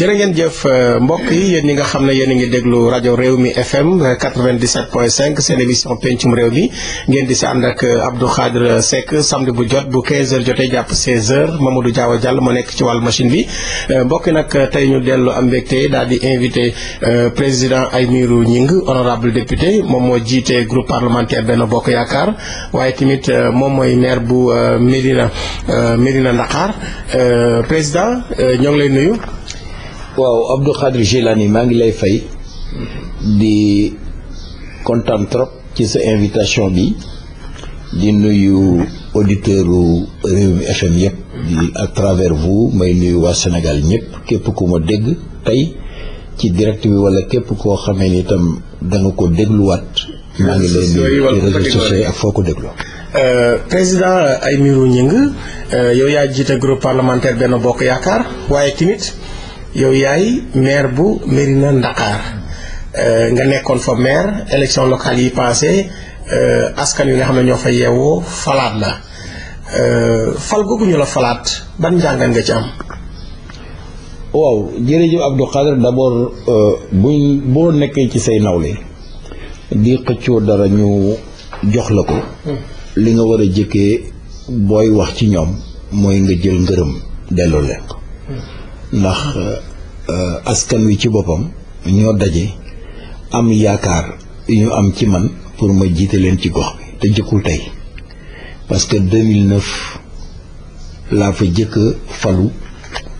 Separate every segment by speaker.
Speaker 1: jërë ngeen jëf euh, mbokk yi yéen ñi nga xam ne yéen a ngi déglu rajo réew mi FM 97.5 seen émission pencum réew mi ngeen di si ànd ak euh, Abdou Khadre Seck samedi bu jot bu 15 jotee jàpp 16h du Diawa jàll moo nekk ci wàllu machine bi. Euh, mbokk yi nag tey ñu dellu am mbégte daal di invité président ay Aymérou Gningue honorable député moom moo jiite groupe parlementaire Benno Bokk Yaakaar waaye tamit moom mooy maire bu Médina Médina Ndakar président ñoo ngi lay nuyu. waaw Abdou Khadir Jilani maa ngi lay fay di
Speaker 2: kontaan trop ci sa invitation bi di nuyu auditeurs u Rewmi FM yëpp di à travers vous may nuyu waa Sénégal ñëpp képp ku ma dégg tey ci direct bi wala képp koo xamee ni itam danga ko dégluwaat maa ngi lay nuyu ci réseaux sociaux ak foo ko déglu
Speaker 1: euh, président Aymérou Gningue euh, yow yaa jiite groupe parlementaire Benno Yaakaar yow yaay maire bu Mérina Ndakaar euh, nga nekkoon fa maire élection locale yi passé euh, askan wi nga xam ne ñoo fa yeewoo falaat la euh, fal googu ñu la falaat ban njàngat nga ci am.
Speaker 2: waaw jërëjëf Abdou Khadre d'abord buñ boo nekkee ci say nawle di xëccoo dara ñu jox la ko. Hmm. li nga war a jëkkee booy wax ci ñoom mooy nga jël ngërëm delloo ndax euh, askan wi ci boppam ñoo daje am yaakaar yu ñu am ci man pour ma jiite leen ci gox bi te jëkkul tey parce que 2009 laa fa jëkk falu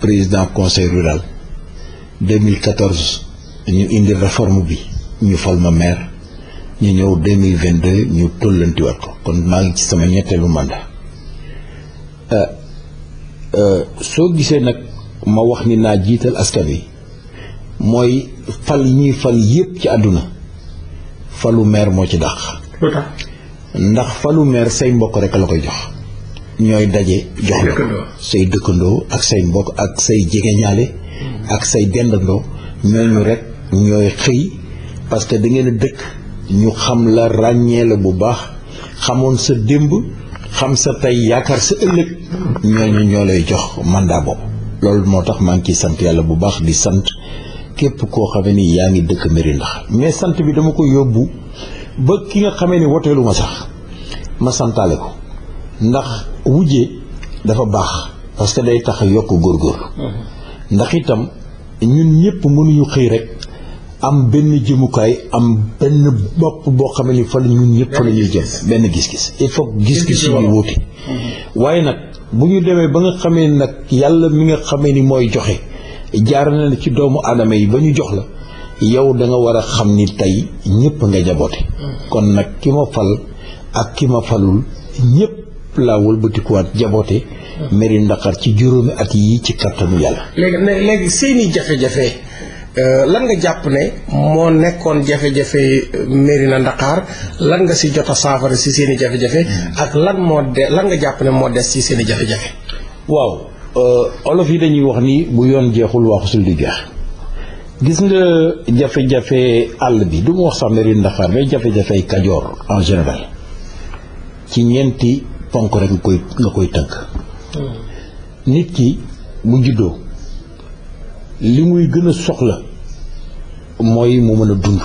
Speaker 2: président conseil rural 2014 ñu indi réforme bi ñu fal ma maire ñu ñëw 2022 ñu tollantiwaat ko kon maa ngi ci sama ñetteelu mandat euh, euh, soo gisee nag ma wax ni naa jiital askan yi mooy fal yi ñuy fal yépp ci àdduna falu maire moo ci dàq ndax falu meer say mbokk rek la koy jox ñooy daje jox la say dëkkandoo ak say mbokk ak say jegeñaale ak say dendandoo ñooñu rek ñooy xëy parce que da ngeen dëkk ñu xam la ràññee bu baax xamoon sa démb xam sa tey yaakaar sa ëllëg ñooñu ñoo lay jox mandat boobu loolu moo tax maa ngi ciy sant yàlla bu baax di sant képp koo xamee ni yaa ngi dëkk mbiri ndax mais sant bi dama ko yóbbu ba ki nga xamee ni woteelu ma sax ma santaale ko ndax wujje dafa baax parce que day tax yokk góorgóorlu ndax itam ñun ñëpp mënuñu xëy rek am benn jëmukaay am benn bopp boo xam ne ni fa la ñun ñëpp fa la jëm benn gis-gis il faut gis-gis yi waaye nag bu ñu demee ba nga xamee nag yàlla mi nga xamee ni mooy joxe jaar na ci doomu aadama yi ba ñu jox la yow da nga war a xam ni tey ñëpp nga jaboote kon nag ki ma fal ak ki ma falul ñëpp laa wëlbatikuwaat jaboote meri ndaxar ci juróomi at yi ci kattanu yàlla
Speaker 1: léegi seeni jafe-jafe Euh, lan nga jàpp ne moo nekkoon jafe-jafe euh, Mérina Ndakaar lan nga si jot a saafara si seeni i jafe-jafe hmm. ak lan moo de lan nga jàpp ne moo des si seeni i jafe-jafe
Speaker 2: waaw euh, olof yi dañuy wax nii bu yoon jeexul waxusul di jeex gis nga jafe-jafe àll bi du ma wax sax Mérina Ndakaar mais jafe-jafe Kajoor en général ci ñeenti ponk rek nga koy nga koy tënk hmm. nit ki bu juddoo li muy gën a soxla mooy mu mën a dund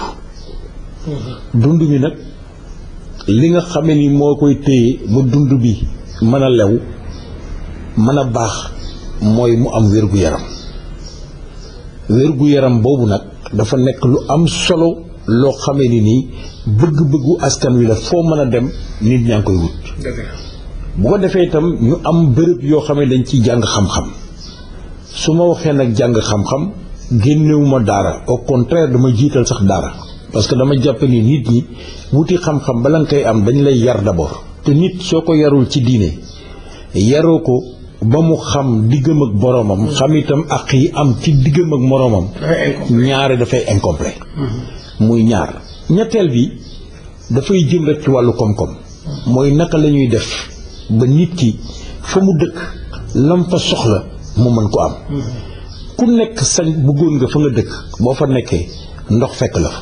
Speaker 2: dund bi nag li nga xamee ni moo koy téye ba dund bi mën a lew mën a baax mooy mu am wér yaram wér yaram boobu nag dafa nekk lu am solo loo xamee ni nii bëgg-bëggu askan wi la foo mën a dem nit ñaa ngi koy wut bu ko defee itam ñu am bërëb yoo xam ne dañ ciy jàng xam-xam su ma waxee nag jàng xam-xam génnewuma dara au contraire dama jiital sax dara parce que dama jàpp ni nit ñi wuti xam-xam bala nga am dañ lay yar d'abord te nit soo ko yarul ci diine yaroo ko ba mu xam diggam ak boroomam hmm. xam itam ak yi am ci diggam ak moroomam ñaare dafay incomplet hmm. muy ñaar ñetteel bi dafay jën rek ci wàllu koom-koom hmm. mooy naka la ñuy def ba nit ki fa mu dëkk lam soxla mu mën ko am ku nekk sañ bëggoon nga fa nga dëkk boo fa nekkee ndox fekk la fa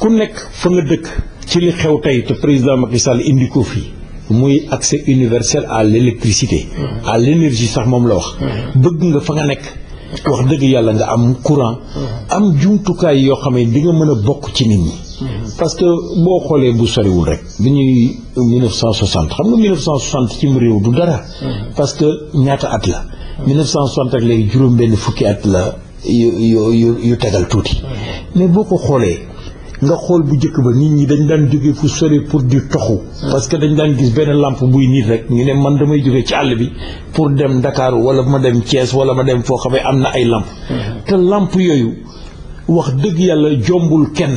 Speaker 2: ku nekk fa nga dëkk ci li xew tey te président Macky Sall indi ko fii muy accès universel à l'électricité à l'énergie sax moom la wax bëgg nga fa nga nekk wax dëgg yàlla nga am courant am jumtukaay yoo xam ne di nga mën a bokk ci nit ñi parce que boo xoolee bu soriwul rek bi ñuy 1960 xam nga 1960 ci mu réew du dara parce que ñaata at la 1960 ak léegi juróom benn fukki at la yu yu yu tegal tuuti mais boo ko xoolee nga xool bu njëkk ba nit ñi dañ daan jóge fu sori pour di toxu parce que dañ daan gis benn làmp buy nit rek ñu ne man damay jóge ci àll bi pour dem ndakaaru wala ma dem Thiès wala ma dem foo xamee am na ay lamp te làmp yooyu wax dëgg yàlla jombul kenn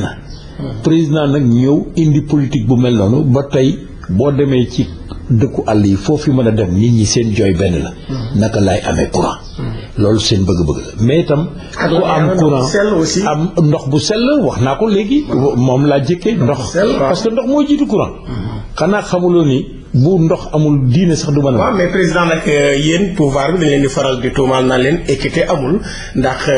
Speaker 2: hmm. président nag ñëw indi politique bu mel noonu ba tey boo demee ci dëkku àll yi foofu mën a dem nit ñi seen jooy benn la. naka laay amee courant. loolu seen bëgg-bëgg la mais itam. ku am courant am ndox bu sell wax naa ko léegi. moom laa jëkkee ndox. parce que ndox moo jiitu courant. Mm-hmm. xanaa xamuloo ni. bu ndox amul diine sax du mën a. waaw
Speaker 1: président nag euh, yéen pouvoir bi dañ leen di faral di tuumaal naa leen équité amul ndax euh,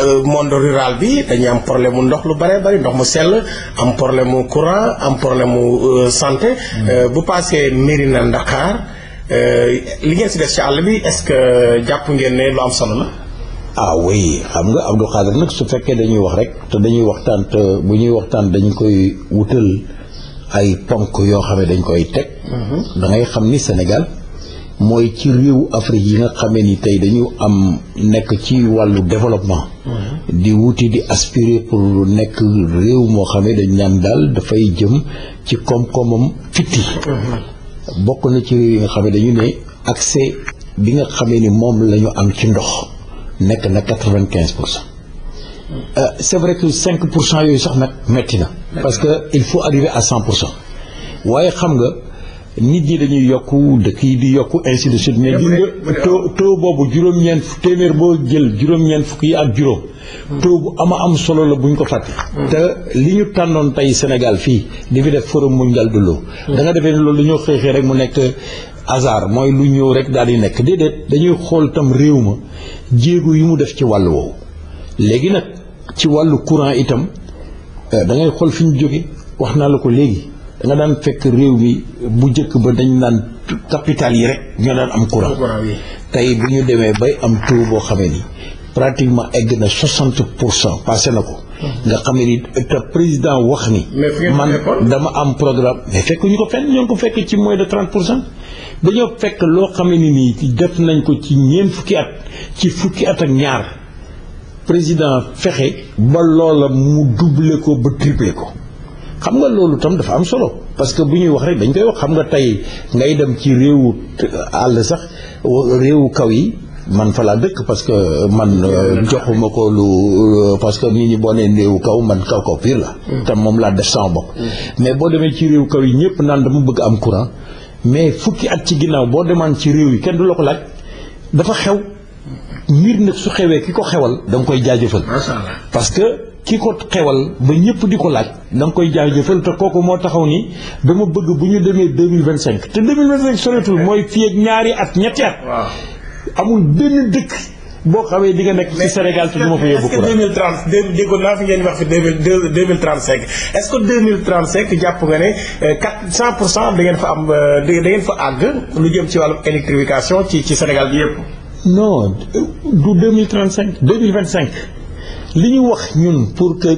Speaker 1: euh, monde rural bi dañuy am problème mu ndox lu bare bari ndox mu sell am problème mu courant am problème mu santé. Hmm. bu paasee mairie na Ndakaar li ngeen si def ci àll bi est-ce que jàpp ngeen ne lu am solo la. ah oui
Speaker 2: xam nga Abdou Khadre nag su fekkee dañuy wax rek te dañuy waxtaan te bu ñuy waxtaan dañu koy wutal. ay ponk yoo xam ne dañ koy teg mhm. dangay xam ni Sénégal mooy ci réewu Afrique yi nga xamee ni tey dañu am nekk ci wàllu développement mhm. di wuti di aspirer pour nekk réew moo xam ne dañ naan daal dafay jëm ci koom-koomam fitti mhm. bokk na ci réew yi nga xam ne dañu ne accès bi nga xamee ni moom la ñu am ci ndox nekk na quatre-vingt-quinze pour Euh, c'est vrai que 5 pour cent yooyu sax nag metti na. parce que il faut arriver à 100 pour cent waaye xam nga nit ñi dañuy yokku dëkk yi di yokk ainsi de suite. mais gis taux taux boobu juróom-ñeent téeméer boo jël juróom-ñeent fukk yi ak juróom. Hmm. taux bu am a am solo la bu ko fàtte. Hmm. te li ñu tànnoon tey Sénégal fii di fi def forum mondial de l'eau. Hmm. da nga defee loolu dañoo xeexee rek mu nekk. hasard mooy lu ñëw rek daal di nekk déedéet dañuy xool tam réew ma jéego yi mu def ci wàll woowu léegi nag ci wàllu courant itam euh, da ngay xool fi ñu jóge wax naa la ko léegi da daan fekk réew mi bu njëkk ba dañu naan capital yi rek ñoo daan am courant tey bu ñu demee bay am taux boo xamee ni pratiquement egg na soixante pour cent passé na ko mm-hmm. nga xam ne ni te président wax ni man dama am programme fekk ñu ko fenn ñoo ngi ko fekk ci moins de trente pour cent dañoo fekk loo xam ne ni def nañ ko ci ñeent fukki at ci fukki at ak ñaar président fexe ba loola mu doubler ko ba tripler ko xam nga loolu tam dafa am solo parce que bu ñuy wax rek dañ koy wax xam nga tey ngay dem ci réewu euh, àll sax réewu kaw yi man fa laa dëkk parce que man euh, joxuma ko lu euh, parce que nit ñu boo nee réewu kaw man kaw kaw fiir la tam mm. moom laa def sama bopp mm. mais boo demee ci réewu kaw yi ñëpp naan dama bëgg am courant mais fukki at ci ginnaaw boo demaan ci réew yi kenn du la ko laaj dafa xew mbir nag su xewee ki ko xewal da nga koy jaajëfal parce que ki ko xewal ba ñëpp di ko laaj da nga koy jaajëfal te kooku moo taxaw nii ni dama bëgg bu ñu demee 2025 te 2025 soretul mooy fii ak
Speaker 1: ñaari at ñetti at amul benn dëkk boo xawee di nga nekk ci Sénégal te du ma fa yóbbu courant est-ce que 2030 déggoon naa fi ngeen wax fi 2035 est-ce que 2035 jàpp nga ne 400 euh, da ngeen fa am euh, da ngeen fa àgg lu jëm ci wàllum électrification ci ci Sénégal bi yëpp
Speaker 2: non du deux cinq deux mille vingt cinq li ñu wax ñun pour que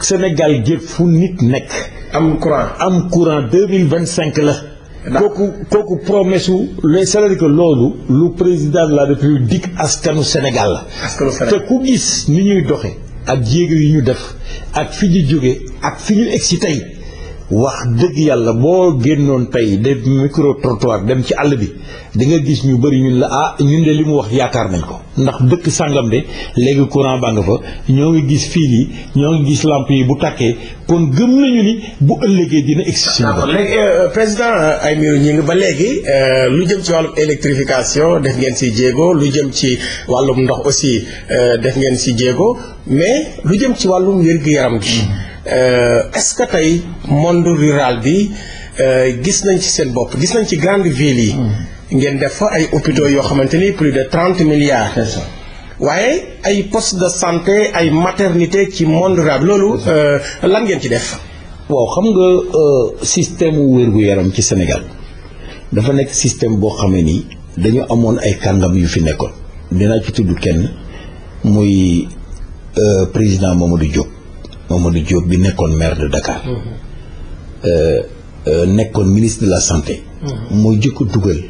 Speaker 2: Sénégal jël fu nit nekk. am courant am courant deux mille vingt cinq la. kooku kooku promesse wu les cest loolu lu président la république dig askanu Sénégal la. te ku gis ni ñuy doxe ak jéego yi ñu def ak fi ñu jóge ak fi ñu egg si tey. wax dëgg yàlla boo génnoon tey de micro trottoir dem ci àll bi di nga gis ñu bëri ñun la ah ñun de li mu wax yaakaar nañ ko ndax dëkk sàngam de léegi courant baa nga fa ñoo ngi gis fiil yi ñoo ngi gis lamp yi bu tàkkee kon gëm nañu ni bu ëllëgee dina existé. d'accord
Speaker 1: léegi euh, président euh, Aymérou ngi ba léegi euh, lu jëm ci wàllum électrification def ngeen si jéego lu jëm ci wàllum ndox aussi def ngeen si jéego mais lu jëm ci wàllum wér-gu-yaram gi. Euh, est-ce que tey monde rural bi euh, gis nañ ci seen bopp gis nañ ci grandes villes yi. Mm. ngeen def fa ay hôpitaux yoo xamante ni plus de trente milliards. waaye ay poste de santé ay maternité ci monde rural loolu euh, lan ngeen ci def. waaw xam
Speaker 2: nga système wu wér-gu-yaram ci Sénégal dafa nekk système boo xamee ni dañu amoon ay kàngam yu fi nekkoon dinaa ci tudd kenn muy président Mamadou Diop. Mamadou Diop bi nekkoon maire de Dakar. Mhm. Euh, euh, nekkoon ministre de la santé. Mhm. moo jëkk dugal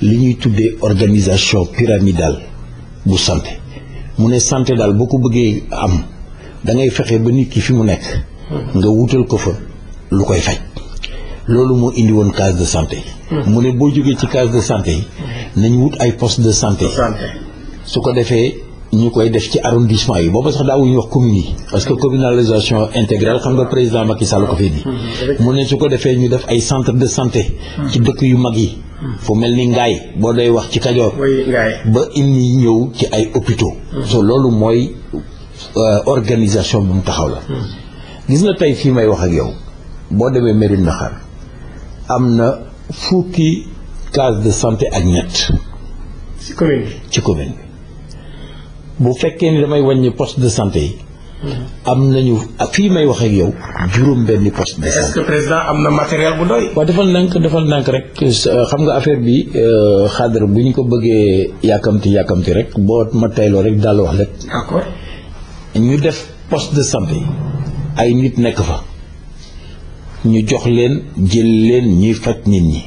Speaker 2: li ñuy tuddee organisation pyramidale bu santé mu ne santé daal boo ko bëggee am dangay fexe ba nit ki fi mu nekk. Mhm. nga wutal ko fa lu koy faj. loolu moo indi woon case de santé. mu ne boo jógee ci case de santé yi. wut ay poste de santé. su ko defee ñu koy def ci arrondissement yi booba sax daawuñu wax communes yi parce que communalisation intégrale xam nga président Macky Sall ko fii di mu ne su ko defee ñu def ay centre de santé ci dëkk yu mag yi fu mel ni ngaay boo doy wax ci Kajoor ba indi ñëw ci ay opito so loolu mooy euh, organisation bu mu taxaw la gis na tey fii may wax ak yow boo demee Mérina Dakhar am na fukki case de santé ak ñett ci commune bi bu fekkee ni damay wàññi poste de santé yi.
Speaker 1: Mm-hmm.
Speaker 2: am nañu fii may wax yow juróom benni poste de santé.
Speaker 1: est-ce am na matériel bu doy. waaw defal ndànk defal ndànk rek
Speaker 2: xam nga affaire bi euh, xadar bu ñu ko bëggee yàkkamti yàkkamti rek boo ma tayloo rek daal wax rek. d'accord ñu def poste de santé yi ay nit nekk fa ñu jox leen jël leen ñuy faj nit ñi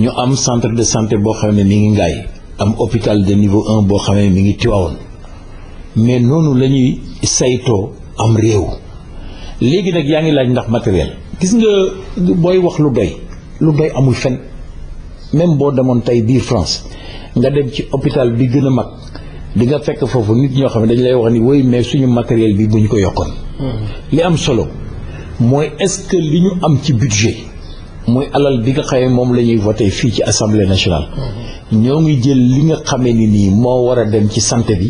Speaker 2: ñu am centre de santé boo xam ne ni ngi ngaay am hôpital de niveau un boo xamee mi ngi tiwaawoon mais noonu la ñuy saytoo am réew léegi nag yaa ngi laaj ndax matériel gis nga booy wax lu doy lu doy amul fen même boo demoon tey biir France nga dem ci hôpital bi gën a mag di nga fekk foofu nit ñoo xam ne dañu lay wax ni woy mais suñu matériel bi bu ko yokkoon hmm. li am solo mooy est li ñu am ci budget muy alal bi nga xamee moom la ñuy voté fii ci assemblée nationale. ñoo ngi jël li nga xamee ni nii moo war a dem ci santé bi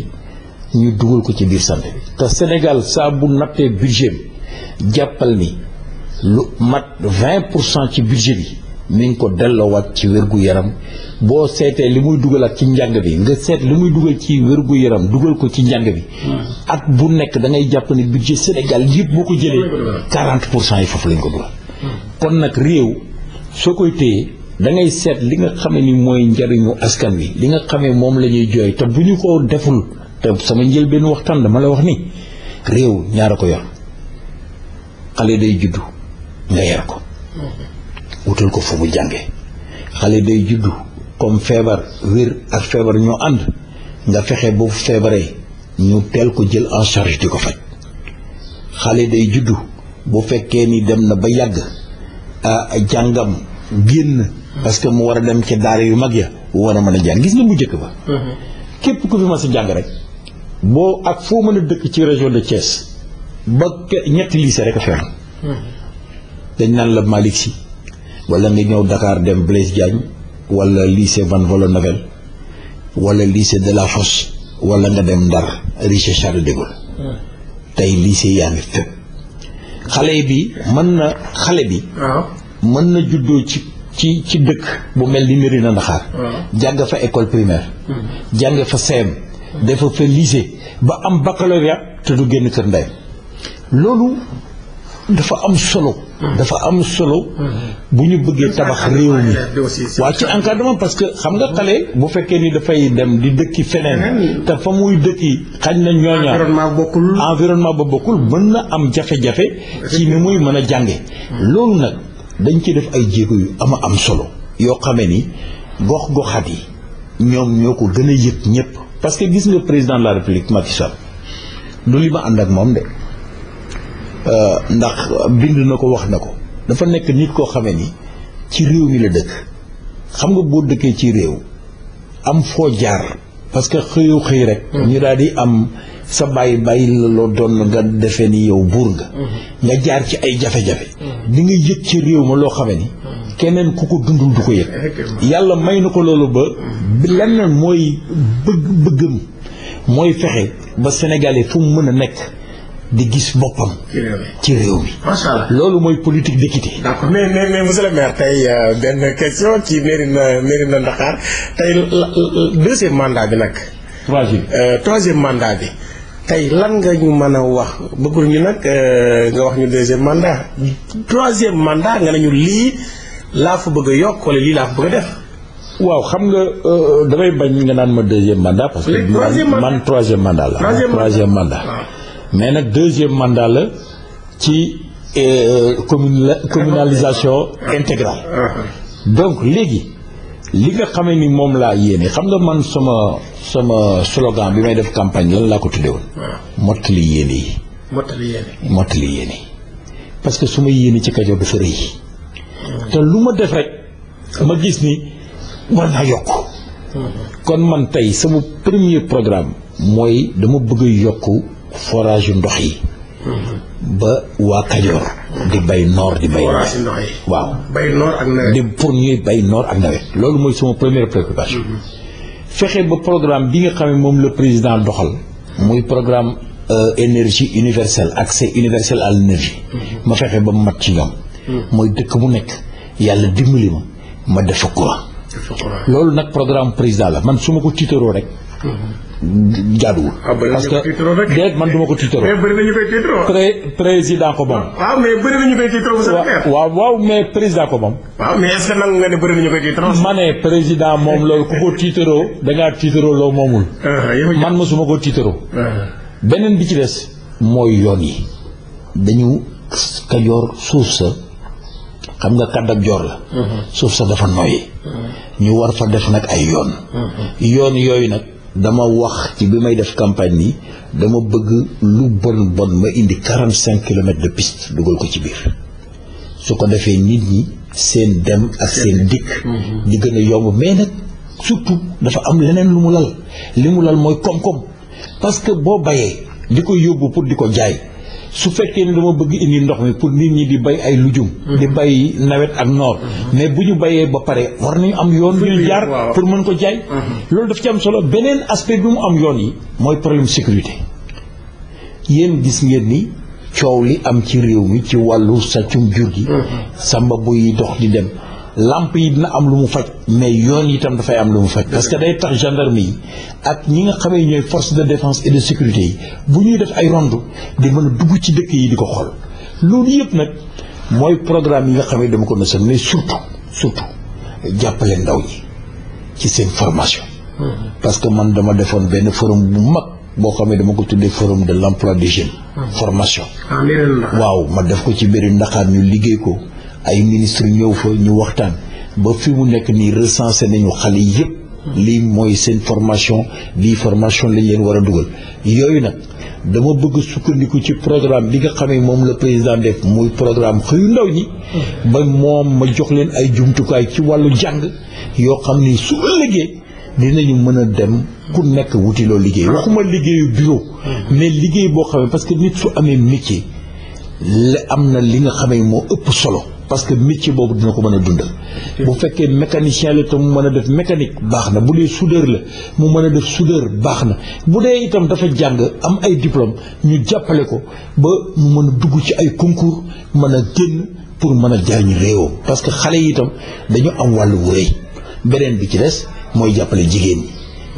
Speaker 2: ñu dugal ko ci biir santé bi. te Sénégal saa bu nattee budget bi jàppal ni lu mat vingt pour cent ci budget bi mi ngi ko delloowaat ci wérgu yaram boo seetee li muy dugalaat ci njàng bi nga seet li muy dugal ci wérgu yaram dugal ko ci njàng bi. Hmm. at bu nekk da ngay jàpp ne budget Sénégal yëpp boo ko jëlee. Hmm. quarante pour cent yi foofu lañ ko dugal. kon nag réew soo koy téye da ngay seet li nga xamee ni mooy njariñu askan wi li nga xamee moom lañuy ñuy jooy te bu ñu ko deful te sama njël benn waxtaan dama la wax ni réew ñaara ko yor xale day juddu nga yar ko wutal ko fu mu jànge xale day juddu comme feebar wér ak feebar ñoo ànd nga fexe bu feebaree ñu teel ko jël en charge di ko faj xale day juddu bu fekkee ni dem na ba yàgg jàngam génn parce que mu war a dem ci daara yu mag ya war a mën a jàng gis nga mu njëkk ba mm-hmm. képp ku fi ma sa jàng rek boo ak foo mën a dëkk ci région de Thiès ba ñetti lycée rek a feer mm-hmm. dañ naan la Malick Sy wala nga ñëw Dakar dem Blaise Diagne wala lycée Van Vollenhoven wala lycée de la Fosse wala nga dem Ndar lycée Charles de mm. tey lycée yaa ngi fépp xale bi mën na xale bi. mën na juddoo ci ci ci dëkk bu mel ni na Ndaxaar. jàng fa école primaire. Hmm. jàng fa CM. dafa fa lycée ba am baccalauréat te du génn kër ndey loolu dafa am solo. dafa am solo. bu ñu bëggee tabax réew mi waaw ci encadrement parce que xam nga xale. bu fekkee ni dafay dem di dëkki feneen. te fa muy dëkki xañ na ñooña. environnement bokkul environnement ba bokkul mën na am jafe-jafe. ci ni muy mën a jànge loolu nag dañ ci def ay jéego yu am a am solo. yoo xamee ni gox-goxaat yi ñoom ñoo ko gën a yëg ñëpp. parce que gis nga président la république Macky Sall du li ma ànd ak moom de. Euh, ndax bind na ko wax na ko dafa nekk nit koo xame ni ci réew mi la dëkk xam nga boo dëkkee ci réew am foo jaar parce que xëyoo xëy rek. Hmm. ñu daal di am sa bàyyi bàyyi la loo doon nga defee ni yow buur nga. Hmm. nga jaar ci ay jafe-jafe. Hmm. di nga yëg ci réew ma loo xamee ni. keneen ku ko dundul du ko yëg. yàlla may na ko loolu ba. lenn mooy bëgg bëggam mooy fexe ba
Speaker 1: Sénégalais fu mu mën a nekk. di gis boppam. ci réew mi macha allah loolu mooy politique d'équité. d'accord mais mais mais monsieur maire tey euh, benn question ci mairie na mairie na Dakar tey deuxième mandat bi nag. troisième euh, troisième mandat bi. tey lan nga ñu mën a wax bëggul ñu nag euh, nga wax ñu deuxième mandat troisième mandat nga nañu lii laa fu bëgg a yokk wala lii laa fa bëgg a def. waaw
Speaker 2: xam nga damay bañ nga naan ma deuxième mandat. parce que man troisième mandat la troisième ah. mais nag deuxième mandat la ci euh, commune communalisation intégrale donc léegi li nga xamee ni moom laa yéene xam nga man sama sama slogan bi may def campagne lan laa ko tuddee woon mottali yéene yi mottali yéene mottali yéene yi parce que su ma yéene ci Kajoor dafa rëy te lu ma def rek ma gis ni war naa yokk mm-hmm. kon man tey sama premier programme mooy dama bëgg yokk forage yu ndox yi. ba waa Kajoor. di bay noor di bay. waaw. bay noor ak nawet pour ñuy bay noor ak loolu mooy sama première préoccupation. Mm-hmm. fexe ba programme bi nga xam ne moom la président doxal. muy programme euh, énergie universelle accès universel à l'énergie. Mm-hmm. ma fexe ba mu mat ci ñoom. Mm-hmm. mooy dëkk mu nekk yàlla dimbali ma ma def courant. loolu nag programme président la man su ma ko tiitaroo rek. jaaduwul. Ah, parce que
Speaker 1: déet man du ma ko tiitaroo. mais bëri na ñu koy pré président ko moom. waaw mais waaw waaw président ko moom. waaw est ce que nangu nga ne président
Speaker 2: moom loolu ku ko tiitaroo da ngaa tiitaroo loo moomul. Ah, man mosuma ko tiitaroo. Ah. beneen bi ci des. mooy yoon yi. dañu kajoor suuf sa xam nga kàdd ak joor la. Mhm. suuf sa dafa nooyi. Mhm. ñu war fa def nag ay yoon. Mhm. yoon yooyu nag. dama wax ci bi may def campagne ni dama bëgg lu bon bon ma indi quarante cinq kilomètres de piste dugal ko ci biir su ko defee nit ñi seen dem ak seen dikk mhm. di gën a yomb mais nag surtout dafa am leneen lu mu lal li mu lal mooy koom-koom parce que boo bayee di ko yóbbu pour di ko jaay su fekkee ni dama bëgg indi ndox mi pour nit ñi di bay ay lujum mhm. di bay nawet ak noor mhm. mais bu ñu bayee ba pare war nañu am yoon ñu jaar pour mën ko jaay mhm. loolu daf ci am solo beneen aspect bi mu am yoon yi mooy problème sécurité yéen gis ngeen ni coow li am ci réew mi ci wàllu sàccum jur gi sa sàmba buy dox di dem làmp yi dina am lu mu faj mais yoon yi itam dafay am lu mu faj parce que day tax gendarme yi ak ñi nga xamee ñooy force de défense et de sécurité yi bu ñuy def ay rond di mën a dugg ci dëkk yi di ko xool loolu yëpp nag mooy programme yi nga xam xamee dama ko nësal mais surtout surtout jàppale ndaw ñi ci seen formation parce que man dama defoon benn forum bu mag boo xamee dama ko tuddee forum de l'emploi des jeunes hmm. formation ah, waaw ma def ko ci biir Ndakaar ñu liggéey ko ay ministre ñëw fa ñu waxtaan ba fi mu nekk nii recensé nañu xale yëpp lii mooy seen formation lii formation lañ leen war a dugal yooyu nag dama bëgg sukkandiku ci programme bi nga xamee moom la président def muy programme xëyu ndaw ñi ba moom ma jox leen ay jumtukaay ci wàllu jàng yoo xam ni su ëllëgee dinañu mën a dem ku nekk wuti loo liggéey waxuma liggéeyu bureau mais liggéey boo xamee parce que nit su amee métier la am na li nga xamee moo ëpp solo parce que métier boobu dina ko mën a dund dundal bu fekkee mécanicien la itam mu mën a def mécanique baax na bu dee soudeur la mu mën a def soudeur baax na bu dee itam dafa jàng am ay diplôme ñu jàppale ko ba mu mën a dugg ci ay concours mën a génn pour mën a jariñu réewam parce que xale yi itam dañu am wàllu wu rëy beneen bi ci des mooy jàppale jigéen ñi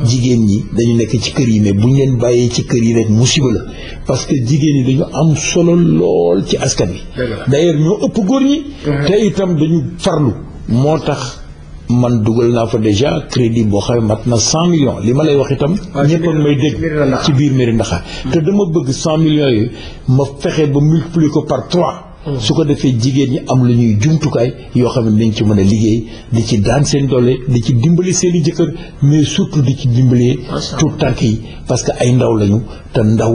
Speaker 2: jigéen ñi dañu nekk ci kër yi mais bu ñu leen bàyyee ci kër yi rek musiba la parce que jigéen ñi dañu am solo lool ci askan bi d'ailleurs ñoo ëpp góor ñi te itam dañu farlu moo tax man dugal naa fa déjà crédit boo xam mat na cent millions li ma lay wax itam ñëpp ak may dégg ci biir mairie Ndaxaar hmm. te dama bëgg cent millions yi ma fexe ba multiplier ko par trois su ko defee jigéen ñi am lu ñuy jumtukaay yoo xam ne dañ ci mën a liggéey di ci daan seen doole di ci dimbali seen i jëkkër mais surtout di ci dimbalee tout tànk yi parce que ay ndaw lañu te ndaw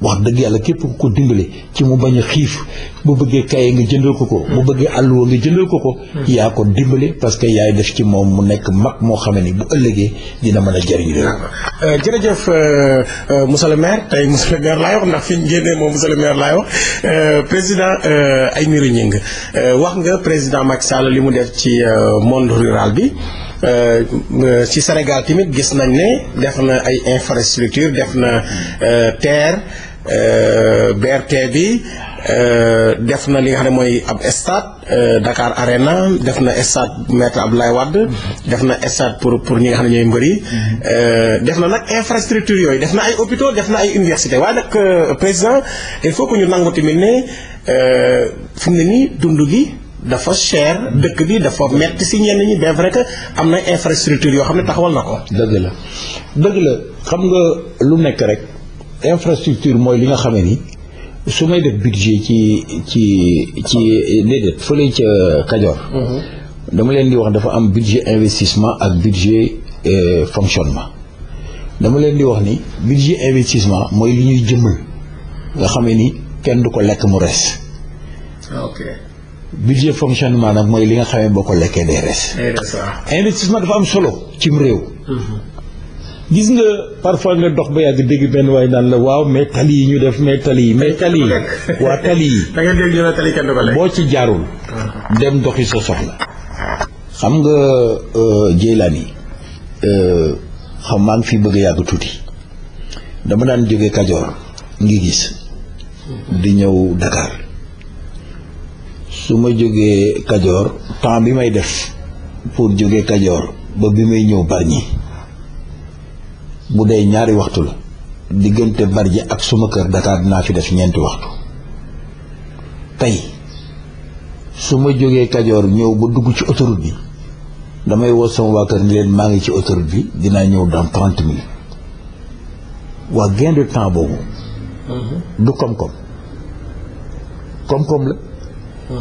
Speaker 2: wax dëgg yàlla képp ko dimbale ci mu bañ a xiif bu bëggee kaye nga jëndal ko ko bu bëggee àlluwa nga jëndal ko ko hmm. yaa ko dimbale parce que yaay def ci moom mu nekk mag moo xam ne bu ëllëgee dina mën a jëriñ
Speaker 1: euh, jërëjëf euh, euh, monsieur le maire tey monsieur le maire laay wax ndax fi ñu génnee moom monsieur le maire laay ay président Aymérou Gningue wax nga président Macky Sall li mu def ci monde rural bi Euh, euh, ci Sénégal tamit gis nañ ne def na ay infrastructure def na euh, terre berte bi def na li nga xam ne mooy ab stade Dakar Arena def na stade Maître Abdoulaye Wade def na stade pour pour ñi nga xam ne ñooy mbër yi def na nag infrastructure yooyu def na ay hôpitaux def na ay université waaye nag président il faut que ñu nangu tamit ne fi mu ne nii dund gi dafa cher dëkk bi dafa metti si ñenn ñi bien vrai que am na infrastructure yoo xam ne taxawal na ko. dëgg la dëgg xam nga lu nekk rek
Speaker 2: infrastructure mooy li nga xamee ni su may def budget ci ci ci déedéet fële ca Kajoor. Mhm. dama leen di wax dafa am budget investissement ak budget euh, fonctionnement dama leen di wax ni budget investissement mooy li ñuy jëmmal nga xame ni kenn du ko lekk mu rees. Ah, budget fonctionnement nag mooy li nga xamee boo ko lekkee day res investissement dafa am solo cim réew mhm. gis nga parfois nga dox ba yàgg dégg benn waaye naan la waaw mais tali yi ñu def mais tali yi mais tali yi waa boo ci jaarul mhm. dem doxi sa soxla xam nga euh, Jeylaani yi euh, xam maa ngi fi bëgg a yàgg tuuti dama daan jóge Kajoor ngi gis mhm. di ñëw Dakar su ma jógee Kajoor temps bi may def pour jógee Kajoor ba bi may ñëw Bargny bu dee ñaari waxtu la diggante bari Bargny ak suma kër Dakar dinaa fi def ñeenti waxtu tey su ma jógee Kajoor ñëw ba dugg ci autoroute bi damay woo sama waa kër ni leen maa ngi ci autoroute dinaa ñëw dans trente minutes waa gain temps boobu. Mhm. du koom-koom koom-koom la.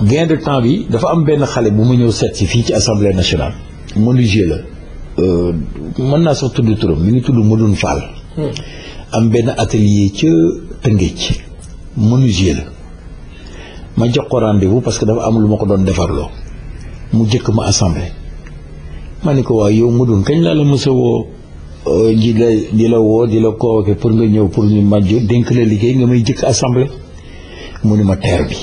Speaker 2: gain de temps bi dafa am benn xale bu ma ñëw seet si fii ci assemblée national menuisier la euh, mën naa sax tudd turam mi ngi tudd Modou Fall hmm. am benn atelier ca Tëngéej menuisier la ma jox ko rendez-vous parce que dafa am lu ma ko doon defarloo mu jëkk ma assemblée ma ni ko waaye yow Modou kañ laa la mës a woo euh, di la di la woo di la convoqué pour nga ñëw pour ñu ma dénk la liggéey nga may jëkk assemblée mu ni ma teer bi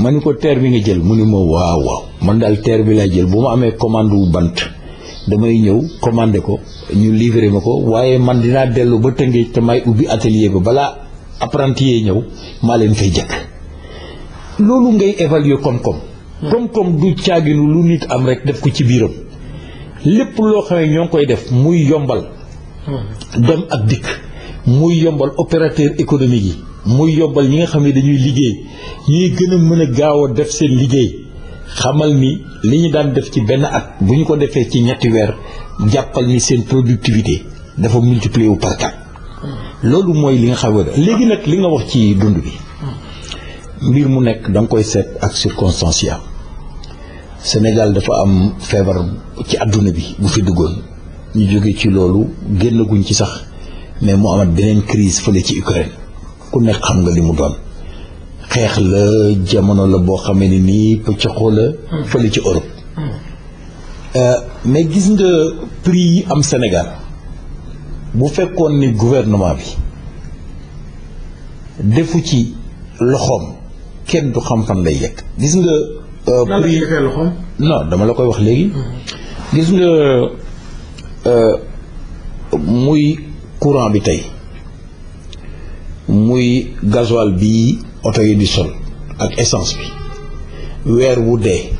Speaker 2: ma ni ko terre bi nga jël mu ni ma waaw waaw man daal terre bi lay jël bu ma amee commande wu bant damay ñëw commandé ko ñu livré ma ko waaye man dinaa dellu ba Tëngéej te may ubbi atelier ba balaa apprenti yee ñëw maa leen fay jëkk loolu ngay évaluer kom koom hmm. koom-koom du caaginu lu nit am rek def ko ci biiram lépp loo xamee ñoo ngi koy def muy yombal hmm. dem ak dikk muy yombal opérateur économique yi muy yobbal ñi nga xam ne dañuy liggéey ñuy gën a mën a gaaw a def seen liggéey xamal ni li ñu daan def ci benn at bu ñu ko defee ci ñetti weer jàppal ni seen productivité dafa multiplier wu par loolu mooy li nga xam ne léegi nag li nga wax ci dund bi mbir mu nekk da koy seet ak circonstance yi Sénégal dafa am feebar ci àdduna bi bu fi duggoon ñu jóge ci loolu génnaguñ ci sax mais mu amat beneen crise fële ci Ukraine ku nekk xam nga li mu doon xeex la jamono la boo xamee ne nii pëccëxoo la fële ci Europe hmm. euh, mais gis nga prix yi am senegal bu fekkoon ni gouvernement bi defu ci loxoom kenn du xam fan lay yegg gis nga euh, prix non dama la koy wax léegi hmm. gis nga euh, muy courant bi tey muy gasoil bi oto yi di sol ak essence bi weer wu dee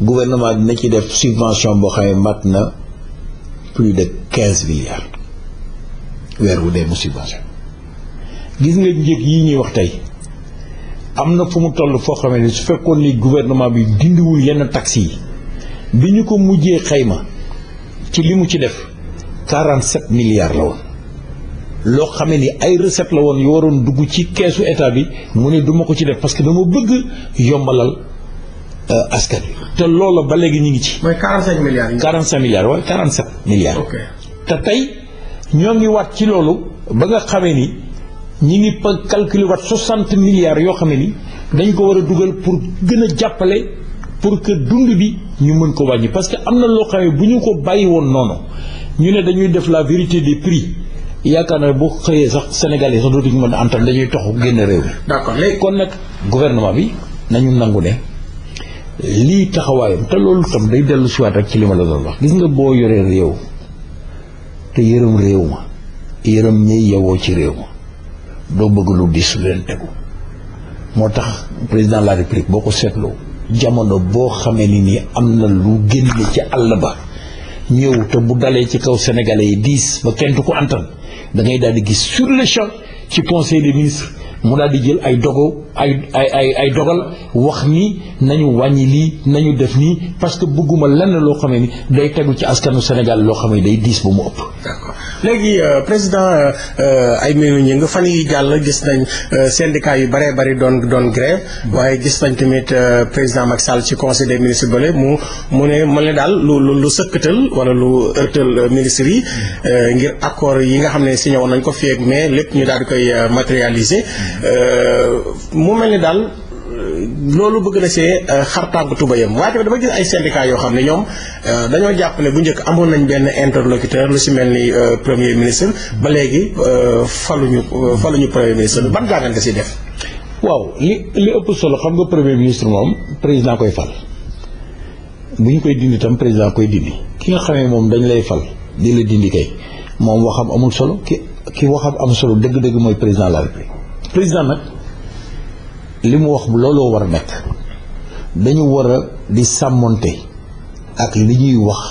Speaker 2: gouvernement na ci def subvention boo xam ne mat na plus de quinze milliards weer wu dee mu subvention gis nga njëg yi ñuy wax tey am na fu mu toll foo xam ne su fekkoon ni gouvernement bi dindiwul yenn taxes yi bi ñu ko mujjee xayma ci li mu ci def quarante sept milliards la woon loo xamee ni ay recette la woon yu waroon dugg ci keesu état bi mu ne duma ko ci def parce que dama bëgg yombalal euh, askan wi te loola ba léegi ñu ngi ci. mooy 45 milliards yi. 45 milliards waaye 47 milliards. te tey ñoo ngi waat ci loolu ba nga xamee ni ñi ngi pa calculer waat 60 milliards yoo xam ne ni dañ ko war a dugal pour gën a jàppale pour kër dund bi ñu mën ko wàññi parce que am na loo xamee bu ñu ko bàyyi woon noonu ñu ne dañuy def la vérité des prix. yaakaar na bu xëyee sax Sénégal yi sax dootuñu mën a antal dañuy tox génn réew mi. d'accord léegi kon nag gouvernement bi nañu nangu ne lii taxawaayam te loolu tam day dellu si waat rek ci lima la doon wax. gis nga boo yore réew te yërëm réew ma yërëm ñay yewoo ci réew ma doo bëgg lu dis lu leen tegu moo tax président la république boo ko seetloo. jamono boo xamee ni nii am na lu génn ci àll ba ñëw te bu dalee ci kaw sénégalais yi diis ba kenn du ko antan da ngay daal di gis sur le champ ci conseil des ministres mu daal di jël ay dogo ay ay ay ay dogal wax ni nañu wàññi lii nañu def nii parce que bëgguma lenn loo xam ne ni day tegu ci askanu Sénégal loo xam ne day diis ba mu ëpp.
Speaker 1: léegi euh, président ay euh, euh, Aymérou Gningue fan yi jàll gis nañ syndicat yu bëree bëri doon doon grève waaye gis nañ tamit président Macky Sall ci conseil des ministre bële mu mu ne mu ni daal lu lu sëkkatal wala lu ërtal ministres yi ngir accord yi nga xam ne signé woon nañ ko fii ak mais lépp ñu daal di koy matérialiser mu mel ni daal loolu bëgg na see euh, xartànk tubayam waaye tamit dama gis ay syndicats yoo xam ne ñoom euh, dañoo jàppale bu njëkk amoon nañ benn interlocuteur lu si mel ni euh, premier ministre ba léegi faluñu ñu premier ministre ban jàngat nga si def. waaw li li ëpp solo
Speaker 2: xam nga premier ministre moom président koy fal bu ñu koy dindi tam président koy dindi ki nga xamee moom dañ lay fal di la dindi kay moom waxam amul solo ki ki waxam am solo dëgg-dëgg mooy président de la république nag. li mu wax looloo war a nekk dañu war a di sàmmoonte ak li ñuy wax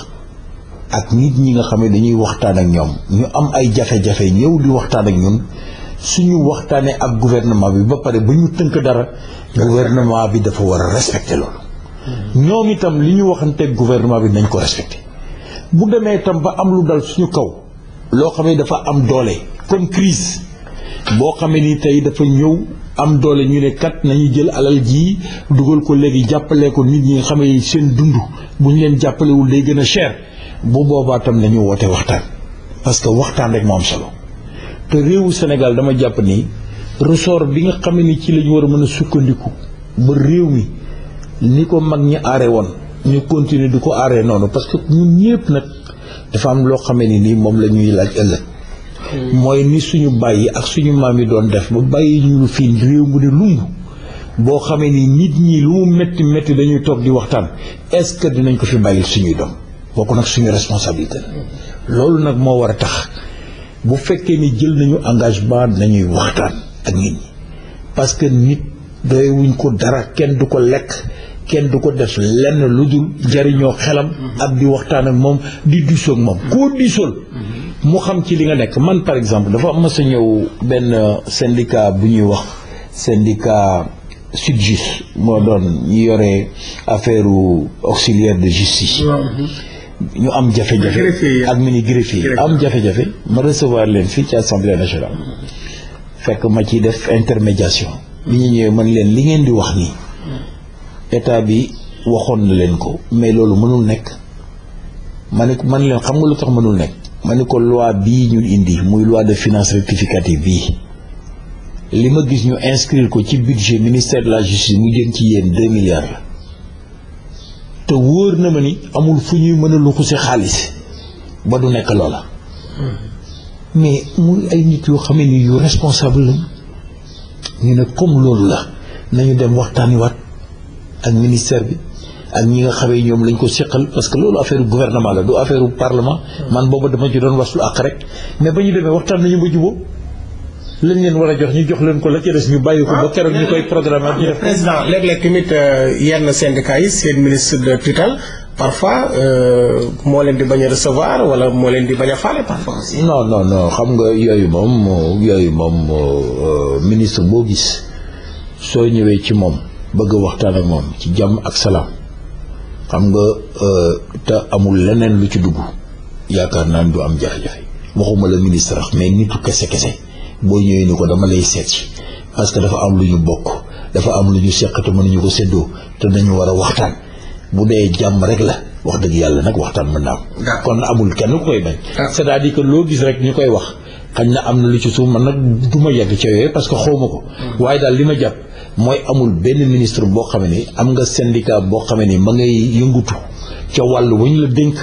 Speaker 2: ak nit ñi nga xam ne dañuy waxtaan ak ñoom ñu am ay jafe-jafe ñëw di waxtaan ak ñun suñu waxtaanee ak gouvernement bi ba pare ba ñu tënk dara gouvernement bi dafa war a respecter loolu ñoom itam li ñu waxanteeg gouvernement bi nañ ko respecté bu demee itam ba am lu dal suñu kaw loo xam ne dafa am doole comme crise boo xamee ni tey dafa ñëw am doole ñu ne kat nañu jël alal ji dugal ko léegi jàppale ko nit ñi nga xam seen dund bu ñu leen jàppalewul day gën a cher bu boobaa tam nañu woote waxtaan parce que waxtaan rek moo am solo te réewu Sénégal dama jàpp ni ressort bi nga xam ni ci lañu war a mën a sukkandiku ba réew mi ni ko mag ñi aare woon ñu continuer du ko aare noonu parce que ñun ñëpp nag dafa am loo xamee ni nii moom la ñuy laaj ëllëg mooy ni suñu bàyyi ak suñu maam yi doon def ba bàyyi ñu fii réew mu ne lumb boo xamee ni nit ñi lu mu métti métti dañuy toog di waxtaan est-ce que dinañ ko fi bàyyi suñuy doom bokk nag suñu responsabilité loolu nag moo war a tax bu fekkee ni jël nañu engagement nañuy waxtaan ak nit ñi parce que nit doyewuñ ko dara kenn du ko lekk kenn du ko def lenn lu dul jariñoo xelam ak di waxtaan ak moom di diisoo ak moom koo diisool mu xam ci li nga nekk man par exemple dafa mas a ñëw benn euh, syndicat bu ñuy wax syndicat SYTJUST moo doon ñu yore affaire auxiliaire de justice.
Speaker 3: Mhm.
Speaker 2: ñu am jafe-jafe ak mini greffier am jafe-jafe ma recevoir leen fii ci assemblée nationale fekk ma ci def intermédiation bi ñu ñëwee man leen li ngeen di wax nii état bi waxoon na leen ko mais loolu mënul nekk ma ne man leen xam nga lu tax mënul nekk ma ni ko loi bii ñu indi muy loi de finances rectificative bii li ma gis ñu inscrire ko ci budget ministère de la justice mu jëm ci yéen deux milliards la te wóor na ma ni amul fu ñuy mën a luxuse xaalis ba du nekk loola mais muy ay nit yoo xamee ni yu responsable lañ ñu ne comme loolu la nañu dem waxtaaniwaat ak ministère bi ak ñi nga xamee ñoom lañ ko séqal parce que loolu affaire gouvernement la du affaire parlement man booba dama ci doon waslu àq rek mais ba ñu demee waxtaan nañu ba jubóo
Speaker 1: lañ leen war a jox ñu jox leen ko la ci des ñu bàyyi ko ba
Speaker 2: keroog ñu koy programme ñu def
Speaker 1: président léeg-léeg tamit euh, yenn syndicat yi seen ministre de tutelle parfois euh, moo leen di bañ a recevoir wala moo leen di bañ a faale parfois
Speaker 2: aussi. non xam nga yooyu moom yooyu moom euh, ministre boo gis soo ñëwee ci moom bëgg waxtaan ak moom ci jàmm ak salaam xam nga euh, te amul leneen lu ci dugg yaakaar naa du am jafe waxuma la ministre ax mais nitu kese-kese boo ñëwee ni ko dama lay seet si parce que dafa am lu ñu bokk dafa am lu ñu seq te mën mënuñu ko séddoo te dañu war a waxtaan bu dee jàmm rek la wax dëgg yàlla nag waxtaan ma naa am kon amul kenn ku koy bañ c'est-à-dire que loo gis rek ñu koy wax xañ na am na lu ci suuf man nag du ma yegg ca yooyu parce que xaw ko hmm. waaye daal li ma jàpp mooy amul benn ministre boo xam ni am nga syndicat boo xam ne ma ngay yëngutu ca wàll wu ñu la dénk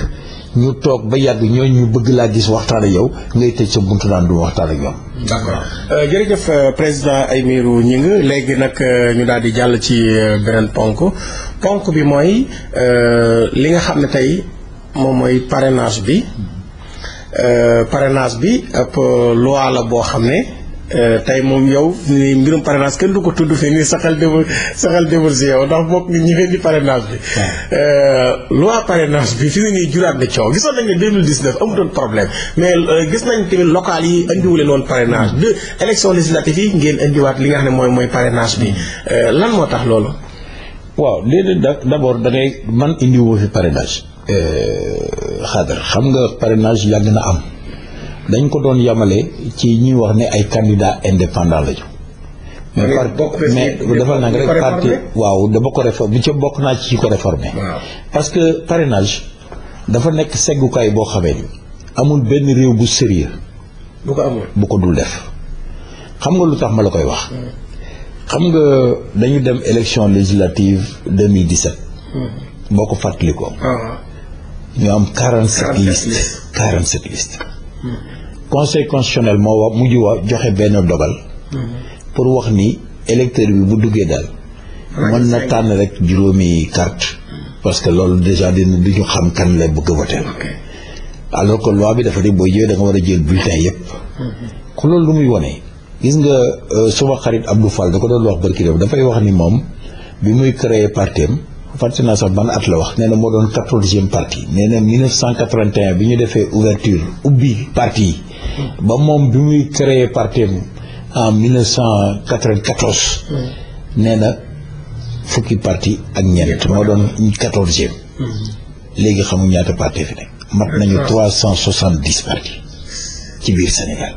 Speaker 2: ñu toog ba yàgg ñooñu ñu bëgg laa gis waxtaan ak yow ngay tëj sa buntu naan du waxtaan ak ñoom.
Speaker 1: d'accord euh, jërëjëf euh, président ay Aymérou Gningue léegi nag euh, ñu daal di jàll ci beneen ponk ponk bi mooy li nga xam ne tey moom mooy parrainage bi. Euh, parenage bi ab euh, la boo xam ne euh, tey moom yow ni mbirum parrainage kenn du ko tudd fi ni saxal demul saxal demul si yow ndax bokk ñi fee di parrainage bi. loi parrainage bi fi ne nii juraat na coow gisoon nañ ne 2019 amutoon problème mais gis nañ tamit local yi indiwule noonu parrainage de élection législative yi ngeen indiwaat li nga xam ne mooy mooy parrainage bi lan moo tax loolu. waaw léeg-léeg d'abord da ngay man indiwoo fi parrainage. Euh,
Speaker 2: xadar xam nga parrainage yàgg na am dañ ko doon yamale ci ñuy wax ne ay candidats indépendants lañu.
Speaker 1: mais par mais defal naa rek parti
Speaker 2: waaw dama ko réforme bi ci bokk naa ci ko réformer. parce que parrainage dafa nekk seggukaay boo xamee ni amul benn réew bu sérieux
Speaker 1: bu ko amul
Speaker 2: dul def xam nga lu tax ma la koy wax. Hmm. xam nga dañu dem élection législative 2017. Hmm. boo ko fàttalikoo. Ah. ñu am 47 listes 47 listes hmm. conseil constitutionnel moo wax mujj wax joxe benn dogal hmm. pour wax ni électeur bi mu duggee daal mën na tànn rek juróomi carte hmm. parce que loolu déjà dina du ñu xam kan la bëgg a voter alors que loi bi dafa di booy jëwee da nga war a jël bulletin yépp ku loolu lu muy wone gis nga euh, suma xarit ab Fall da ko doon wax barki def dafay wax ni moom bi muy créer partem fàtte naa sax ban at la wax nee na moo doon quatorzième parti nee na 1981 bi ñu defee ouverture ubbi parti ba moom bi muy créé parti am en 1994 nee na fukki parti ak ñeent moo doon quatorzième léegi xamu ñaata parti fi nekk mat nañu trois cent soixante dix parti ci biir Sénégal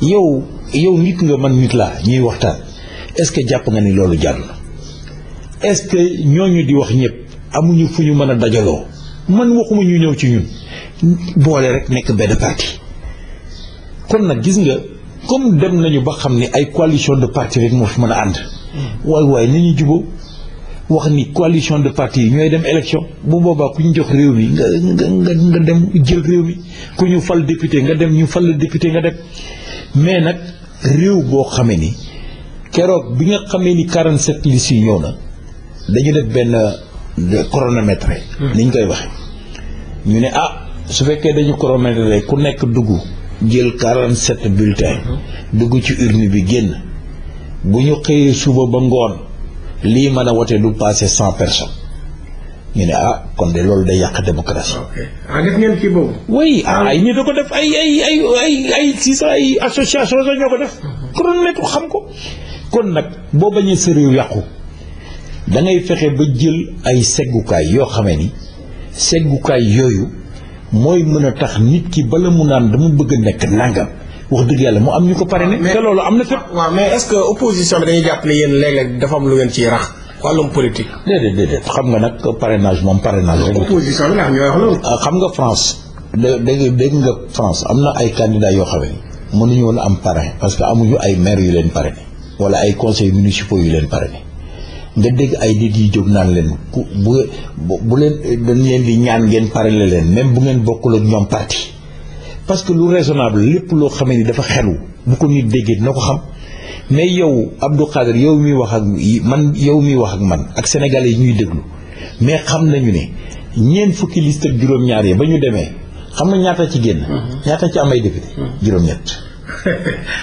Speaker 2: yow yow nit nga man nit laa ñuy waxtaan est-ce que jàpp nga ni loolu jàll na est-ce que ñooñu di wax ñëpp amuñu fu ñu mën a dajaloo man waxuma ñu ñëw ci ñun boole rek nekk benn parti kon nag gis nga comme dem nañu ba xam ni ay coalition de parti rek moo fi mën a ànd hmm. waaye waay nañu juboo wax ni coalition de parti yi ñooy dem élection bu boobaa ku ñu jox réew mi nga nga nga dem jël réew mi ku ñu fal député nga dem ñu fal député nga dem mais nag réew boo xamee ni keroog bi nga xamee ni 47 listes yi ñëw na dañu def benn chronomètre. Hmm. ni ñu koy waxe ñu ne ah su fekkee dañu chronométré ku nekk dugg jël quarante sept bulletins. Hmm. dugg ci urne bi génn. bu ñu xëyee suba ba ngoon lii mën a wote du passé cent person ñu ne a ah, kon de loolu day yàq démocratie.
Speaker 1: ok ah def ngeen kii boobu. oui ah, ah, ay ñu da ko def ay ay ay ay ay si ay association sax
Speaker 2: ñoo ko def. Hmm. chronomètre xam ko. kon nag boo bañee sa yàqu. da ngay fexe ba jël ay seggukaay yoo xamee ni seggukaay yooyu mooy mën a tax nit ki bala mu naan dama bëgg a nekk nangam wax dëgg yàlla mu am ñu ko pare ne te loolu
Speaker 1: am na fépp waaw mais est-ce que opposition bi dañuy jàpp ne yéen léeg-léeg dafa am lu ngeen ciy rax
Speaker 2: wàllum politique xam nga nag parrainage moom pare rek opposition bi nga xam ah, xam nga France dégg dégg nga France am na ay candidats yoo xamee ni mënuñu woon am parrain parce que amuñu ay mair yu leen parrainé wala ay conseils municipaux yu leen parrainé nga dégg ay nit yi jóg naan leen ku bu bu leen dañ leen di ñaan ngeen parele leen même bu ngeen bokkul ak ñoom parti parce que lu raisonnable lépp loo xam ni dafa xelu bu ko nit déggee dina ko xam mais yow Abdou Khader yow muy wax ak man yow miy wax ak man ak sénégalais yi ñuy déglu mais xam nañu ne ñeent fukki liste juróom-ñaar yi ba ñu demee xam na ñaata ci génn. Mm-hmm. ñaata ci am ay député mm-hmm. juróom-ñett.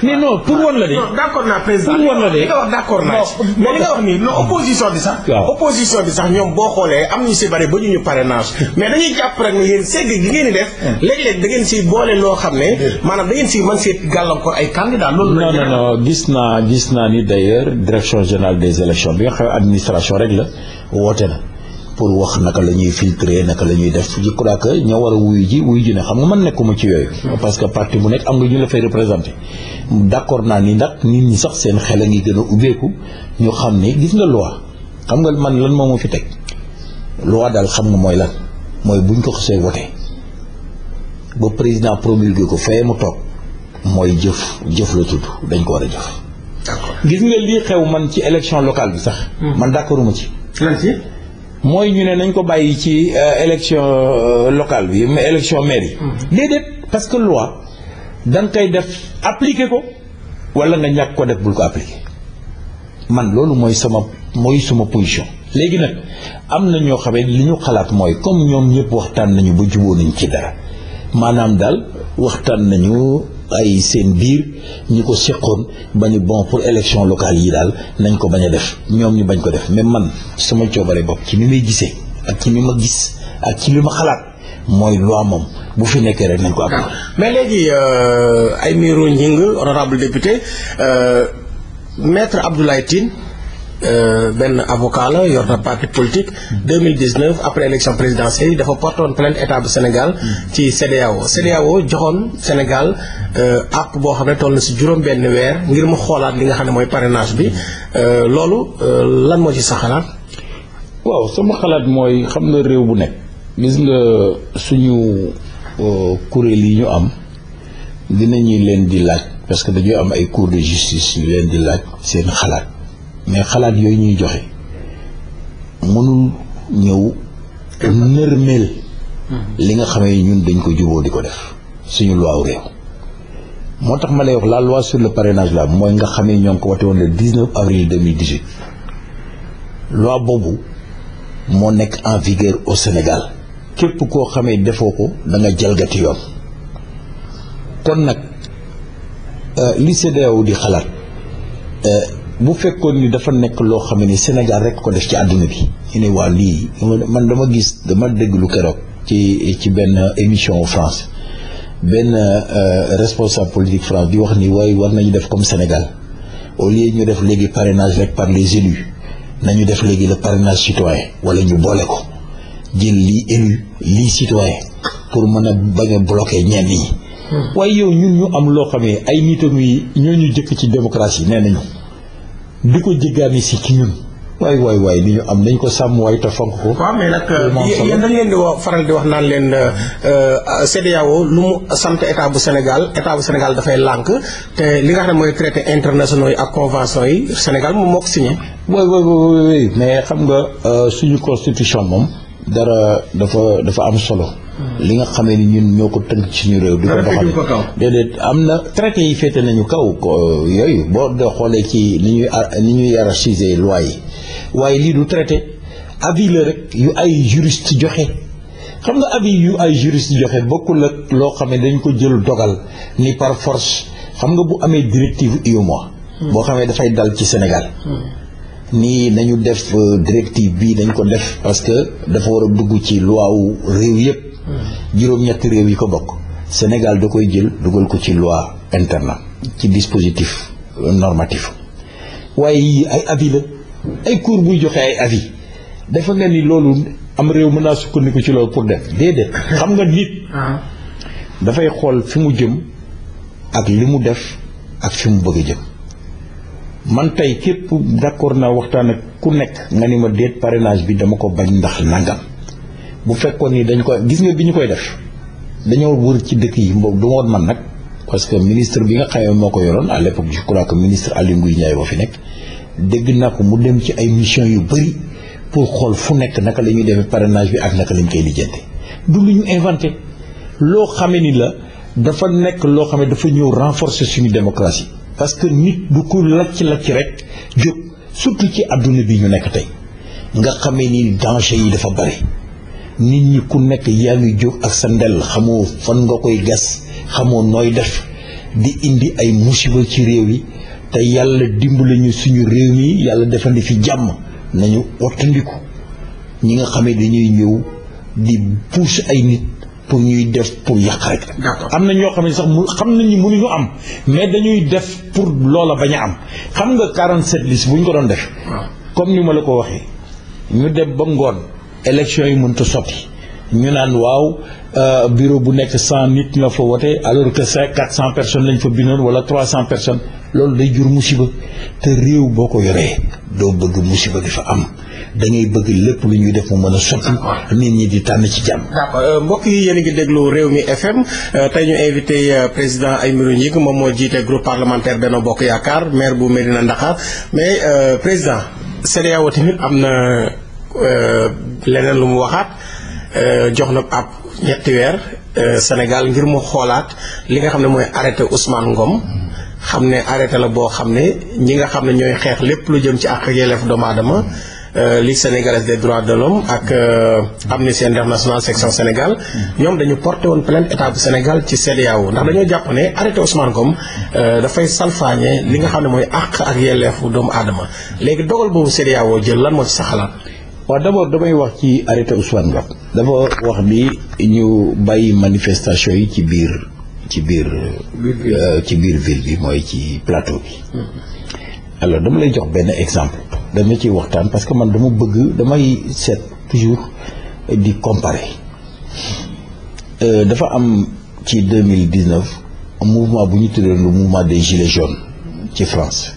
Speaker 2: mais
Speaker 1: non pour woon la de. d'accord naa président pour woon la de li nga wax d'accord naa ci. mais li nga wax nii non opposition bi sax. opposition bi sax ñoom boo xoolee am ñu si bari ba ñu ñu parrainage mais dañuy jàpp rek ne yéen ségg gi ngeen di def. Hmm. léeg-léeg da ngeen si boole loo xam ne. Hmm. maanaam da si mën si gàllankoor ay candidats loolu. non non
Speaker 2: non gis naa gis naa ni d'ailleurs direction générale des élections bi nga xam administration rek la woote na. pour wax naka la ñuy naka la ñuy def je crois que ña war a wuyu ji wuyu ji ne xam nga man nekkuma ci yooyu. parce que parti bu nekk am nga ñu la fay représenté. d'accord naa ni ndax nit ñi sax seen xel a ngi gën a ubbeeku ñu xam ni gis nga loi xam nga man lan moo ma fi teg loi daal xam nga mooy lan mooy buñ ko xasee wote ba président promulgué ko fee mu toog mooy jëf jëf la tudd dañ ko war a jëf. gis nga lii xew man ci élection locale bi sax. Hmm. mooy ñu ne nañ ko bàyyi ci euh, élection euh, locale bi mais élection mairie. Mm-hmm. déedéet parce que loi da nga def appliquer ko wala nga ñàkk ko def bul ko appliquer man loolu mooy sama mooy suma position. léegi nag am na ñoo xamee li ñu xalaat mooy comme ñoom ñëpp waxtaan nañu ba juboo nañ ci dara maanaam daal waxtaan nañu. ay seen biir ñi ko seqoon ba ñu bon pour élection locale yi daal nañ ko bañ a def ñoom ñu bañ ko def mais man sama coobare bopp ci ni may gisee ak ci li ma gis ak ci li ma xalaat mooy
Speaker 1: loi moom bu fi nekkee rek nañ ko am. mais léegi euh, Aymérou Gningue honorable député euh, maître Abdoulaye Tine. Euh, benn avocat la yor na parti politique 2019 après élection présidentielle yi dafa portoon plainte état bu Sénégal ci CEDEAO CEDEAO joxoon Sénégal euh, àpp boo xam ne toll na si juróom benn weer ngir ma xoolaat li nga xam ne mooy parrainage bi euh, loolu lan moo ci sa xalaat waaw sama xalaat mooy xam na réew bu nekk gis nga suñu
Speaker 2: kuréel yi ñu am dinañu leen di laaj parce que dañuy am ay cours de justice yu leen di laaj seen xalaat mais xalaat yooyu ñuy joxe mënul ñëw nërmeel mm-hmm. li nga xamee ñun dañ ko juboo di ko def suñu loi réew moo tax ma lay wax la loi sur le parrainage la mooy nga xamee ñoo ngi ko wate woon le 19 avril 2018 boobu moo nekk en vigueur au Sénégal képp koo xamee defoo ko danga jalgati yoon kon nag euh, li CEDEAO di xalaat euh, bu fekkoon ni dafa nekk loo xam ni Sénégal rek ko def ci àdduna bi ñu ne waa lii man dama gis dama dégg lu keroog ci ci benn émission France benn euh, responsable politique France di wax nii waaye war nañu def comme Sénégal au lieu ñu def léegi parrainage rek par les élus nañu def léegi le parrainage citoyen wala ñu boole ko jël lii élu lii citoyen pour mën a bañ a bloquer ñenn ñi. Hmm. waaye yow ñun ñu am loo xam ne ay nit a muy ñoo ñu jëkk ci démocratie nee nañu. di ko jéggaani si ci ñun. waay waay waay li ñu am dañ ko sàmm waay te fonk ko. waaw
Speaker 1: mais leen di faral di wax naan leen euh, euh, CEDEAO lu mu sant état bu Sénégal état bu Sénégal dafay lànk te li nga xam ne mooy traité internationaux yi ak convention yi Sénégal moom moo ko signé.
Speaker 2: waay waay waay mais xam nga euh, suñu constitution moom. dara dafa dafa am solo. Hmm. li nga xamee ni ñun ñoo ko tënk ci suñu réew. di ko doxal déedéet am na traité yi féete nañu kaw euh, yooyu boo de xoolee ci ni ñuy a ni ñuy hiérarchiser loi yi waaye lii du traité avis la rek yu ay juriste joxe. xam nga avis yu ay juriste joxe bokkul loo xam ne dañ ko jël dogal ni par force xam nga bu amee directive UEMOA. Hmm. boo xamee dafay dal ci Sénégal. Hmm. nii nañu def euh, directive bi dañ ko def parce que dafa war a dugg ci loi wu réew yëpp hmm. juróom-ñetti réew yi ko bokk Sénégal da koy jël dugal ko ci loi interne ci dispositif euh, normatif waaye yii ay avis la ay cour buy joxe ay avis dafa nga ni loolu am réew mën naa sukkandiku ci loolu pour def déedéet xam nga nit ah. dafay xool fi mu jëm ak li mu def ak fi mu bëgg a jëm man tey képp d'accord naa waxtaan ak ku nekk nga ni ma déet parrainage bi dama ko bañ ndax nangam bu fekkoon ni dañ ko gis nga bi ñu koy def dañoo wër ci dëkk yi mboobu du woon man nag parce que ministre bi nga xamee moo ko yoroon à l'époque je que ministre Aly boo fi nekk dégg naa ko mu dem ci ay mission yu bëri pour xool fu nekk naka la ñuy defee parenage bi ak naka la ñu koy lijjante du lu ñu inventé loo xamee ni la dafa nekk loo xam ne dafa ñëw renforcer suñu démocratie parce que nit du ku lacc-lacc rek jóg surtout ci àdduna bi ñu nekk tey nga xamee ni danger yi dafa bari nit ñi ku nekk yaa ngi jóg ak sa ndel xamoo fan nga koy gas xamoo nooy def di indi ay musiba ci réew yi te yàlla dimbali ñu suñu réew mi yàlla defandi fi jàmm nañu ottandiku ñi nga xamee dañuy ñëw di pousse ay nit pour ñuy def pour yàq rek. am na ñoo xam ne sax mu xam nañu ñu am mais dañuy def pour loola bañ a am xam nga 47 liste bu ñu ko doon def. comme ni ma la ko waxee ñu dem ba ngoon élection yi mënut a sotti ñu naan waaw euh, bureau bu nekk 100 nit ñoo fa wote alors que c'est personnes lañ fa bindoon wala 300 personnes loolu day jur musiba te réew boo ko yoree doo bëgg musiba di fa am. dañuy bëgg lépp lu ñuy def mu mën a sotti nit ñi di tànn ci jàmm
Speaker 1: euh, mbokk yi yéen a ngi déglu réew mi FM euh, tey ñu invité euh, président ay Aymérou Gningue moom moo jiite groupe parlementaire benn Bokk Yaakaar maire bu Médina Ndakhar mais président CEDEAO tamit am na leneen lu mu waxaat jox na ab ñetti weer Sénégal ngir mu xoolaat li nga xam ne mooy arrêté Ousmane Ngom xam ne arrêté la boo xam ne ñi nga xam ne ñooy xeex lépp lu jëm ci àq ak yelleef doomu Euh, Ligue sénégalaise des droits de l'homme ak euh, Amnesty International section Sénégal ñoom dañu porté woon plainte état Sénégal ci CEDEAO ndax dañoo jàpp ne arrêté Ousmane Ngom euh, dafay salfaañe li nga xam ne mooy àq ak yelleefu doomu aadama léegi dogal boobu CEDEAO jël lan moo ci sa xalaat
Speaker 2: waaw damay wax ci arrêté Ousmane Ngom dafa wax bi ñu bàyyi manifestation yi ci biir ci biir ci biir ville bi mooy ci plateau bi mm-hmm. alors dama lay jox benn exemple dañu ci waxtaan parce que man dama bëgg damay seet toujours di comparer euh, dafa am ci deux mille dix neuf mouvement bu ñu tuddee lu mouvement des gilets jaunes ci France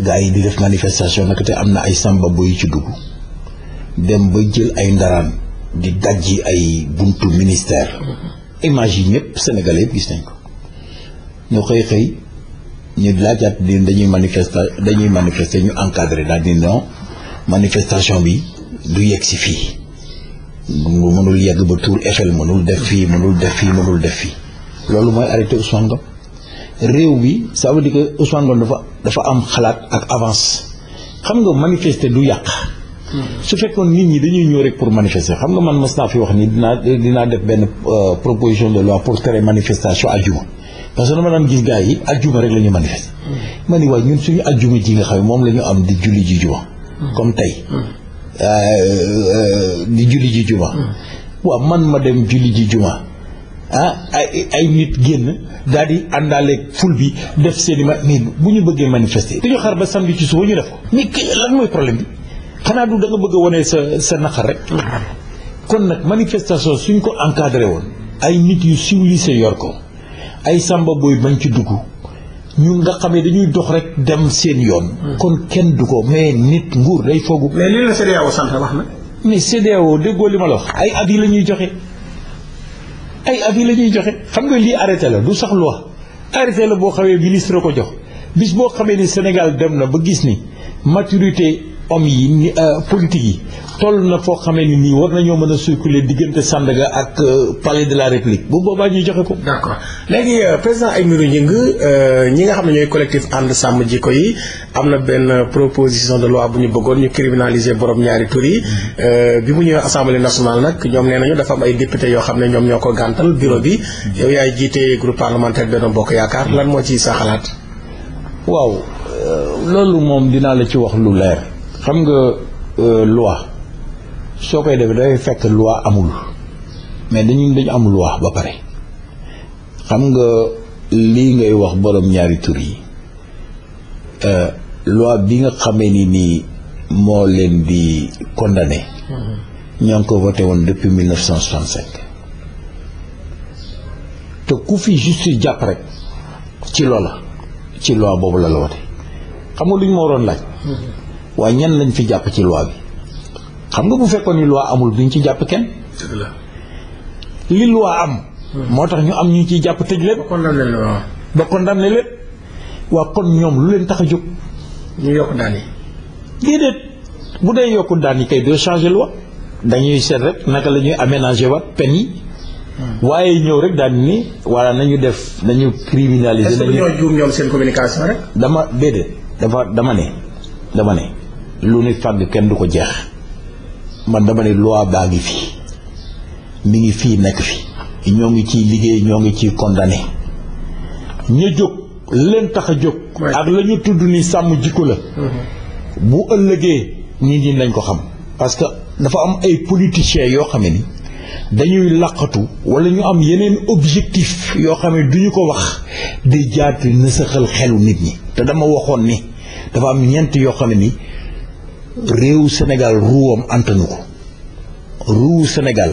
Speaker 2: gars yi di def manifestation nag te am na ay samba boy ci dugg dem ba jël ay ndaraan di dajji ay buntu ministère image yi ñëpp Sénégalais yëpp gis nañ ko ñoo xëy xëy. ñu laajaat di dañuy manifester dañuy manifester ñu encadré daal di non manifestation bi du yegg si fii mu mënul yegg ba tuur Eiffel mënul def fii mënul def fii mënul def fii loolu mooy arrêté Ousmane Ngom réew bi sa veut dire que Ousmane Ngom dafa dafa am xalaat ak avance xam nga manifester du yàq. su fekkoon nit ñi dañuy ñëw rek pour manifester xam nga man mos naa fi wax ni dinaa dinaa def benn euh, proposition de loi pour tere manifestation àjjuma. parce que ma daan gis gars yi ajjuma rek la ñu manifester. Mm. ma ni waay ñun suñu ajjuma ji nga xam ne moom lañu am di julli ji juma. Mm. comme tey. Mm. Euh, euh, di julli ji juma. waaw man ma dem julli ji juma ah ay ay nit génn daal di àndaaleeg ful bi def seen ma mais bu ñu bëggee manifester. dañu xaar ba samedi ci suba ñu def ko. mais lan mooy problème bi xanaa du da bëgg a wane sa sa naqar rek. kon nag manifestation suñ ko encadré woon. ay nit yu civilisé yor ko. ay sàmba booy bañ ci dugg ñun nga xam ne dañuy dox rek dem seen yoon. Hmm. kon kenn du ko mais nit nguur day foogu. mais li la CEDEAO sant wax na. mais CEDEAO déggoo li ma la wax. ay avis la ñuy joxe ay avis la ñuy joxe xam nga lii arrêté la du sax loi arrêté la boo xamee ministre ko jox bis boo xamee ni Sénégal dem na ba gis ni maturité. hommes yi ni euh, politique yi toll na foo xamee ni nii war nañoo mën a circuler diggante
Speaker 1: Sandaga ak euh, palais de la République bu boobaa ñu joxe ko. d' accord léegi euh, président Aymérou Gningue ñi nga xam ne ñooy collectif ànd sàmm jikko yi am na benn proposition de loi bu ñu bëggoon ñu criminaliser borom ñaari tur yi mm-hmm. bi mu ñëwee assemblée nationale nag ñoom nee nañu dafa am ay député yoo xam ne ñoom ñoo ko gantal bureau bi mm-hmm. yow yaay jiite groupe parlementaire benn Bokk Yaakaar lan moo ci sa xalaat.
Speaker 2: waaw loolu moom dinaa la ci wax lu leer. xam nga euh, loi soo koy defee dafay fekk loi amul mais dañu dañu am loi ba pare xam nga lii ngay wax borom ñaari tur yi euh, loi bi nga xamee ni nii moo leen di condamné mm-hmm. ñoo ngi ko voté woon depuis 1965 te ku fi justice jàpp rek ci loola ci loi boobu la la wote xam nga lu ñu ma waroon laaj mm-hmm. waaye ñan lañ fi jàpp ci loi bi xam nga bu fekkoon ni loi amul duñ ci jàpp kenn. li loi am. moo tax ñu am ñu ciy jàpp tëj leen. ba condamné leen waaw kon ñoom lu leen tax a jóg. ñu yokk daan yi. déedéet bu dee yokk daan yi kay doo changer loi dañuy seet rek naka lañuy ñuy aménager waat yi. Hmm. waaye ñëw rek daal ni wala nañu def nañu criminaliser. nañu est-ce que ñoo juum
Speaker 1: ñoom seen communication rek.
Speaker 2: dama déedéet dafa dama ne dama ne. lu ni fàgg kenn du ko jeex man dama ne loi baa ngi fii mi ngi fii nekk fii ñoo ngi ciy liggéey ñoo ngi ciy condamné ña jóg leen tax a jóg ak la tudd ni sàmm jikko la mm-hmm. bu ëllëgee nit ñi nañ ko xam parce que dafa am ay politiciens yoo xam ni dañuy laqatu wala ñu am yeneen objectif yoo xam ne duñu ko wax di jaati nësaxal xelu nit ñi te dama waxoon ni dafa am ñeent yoo xam ni réewu senegaal ruwam antanu ko ruwu Sénégal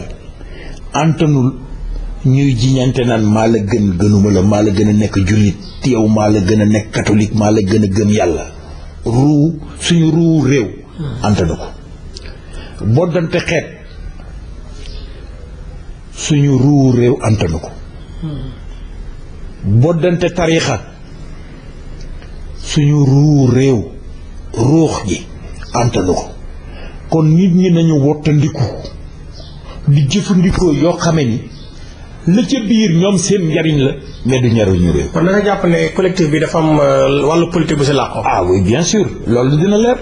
Speaker 2: antanul ñuy jiñante naan maa la gën gënuma la maa la gën a nekk jullit yow maa la gën a nekk catholique maa la gën a gëm yàlla ruu suñu ruu réew antanu ko boddante xeet suñu ruu réew antanu ko boddante tariixa suñu ruu réew ruux gi antanu ko kon nit ñi nañu wottandiku di jëfandikoo yoo xame ni la ca biir ñoom seen njariñ la mais du njariñu réew. kon da nga jàpp ne collectif bi dafa am euh, wàllu politique bu si làqu. ah oui bien sûr loolu dina leer.